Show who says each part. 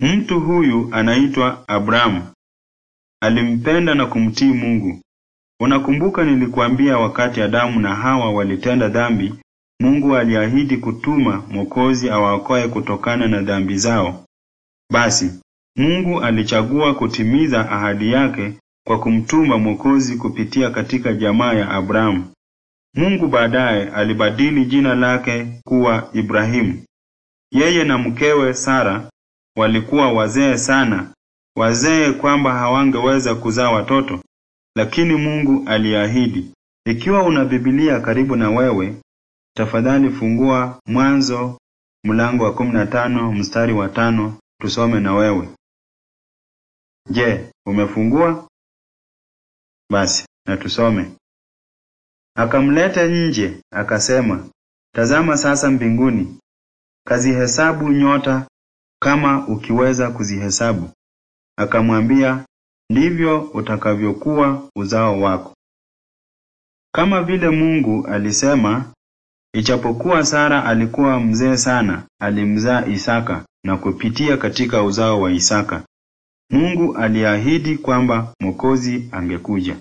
Speaker 1: Mtu huyu anaitwa Abramu alimpenda na kumtii Mungu. Unakumbuka nilikuambia wakati Adamu na Hawa walitenda dhambi, Mungu aliahidi kutuma Mwokozi awaokoe kutokana na dhambi zao. Basi Mungu alichagua kutimiza ahadi yake kwa kumtuma Mwokozi kupitia katika jamaa ya abrahamu Mungu baadaye alibadili jina lake kuwa Ibrahimu. Yeye na mkewe Sara walikuwa wazee sana, wazee kwamba hawangeweza kuzaa watoto, lakini Mungu aliahidi. Ikiwa una Biblia karibu na wewe, tafadhali fungua Mwanzo mlango wa 15 mstari wa tano
Speaker 2: tusome na wewe. Je, umefungua? Basi na tusome. Akamleta nje akasema,
Speaker 1: tazama sasa mbinguni, kazihesabu nyota kama ukiweza kuzihesabu Akamwambia, ndivyo utakavyokuwa uzao wako. Kama vile Mungu alisema, ichapokuwa Sara alikuwa mzee sana, alimzaa Isaka na kupitia
Speaker 2: katika uzao wa Isaka Mungu aliahidi kwamba Mwokozi angekuja.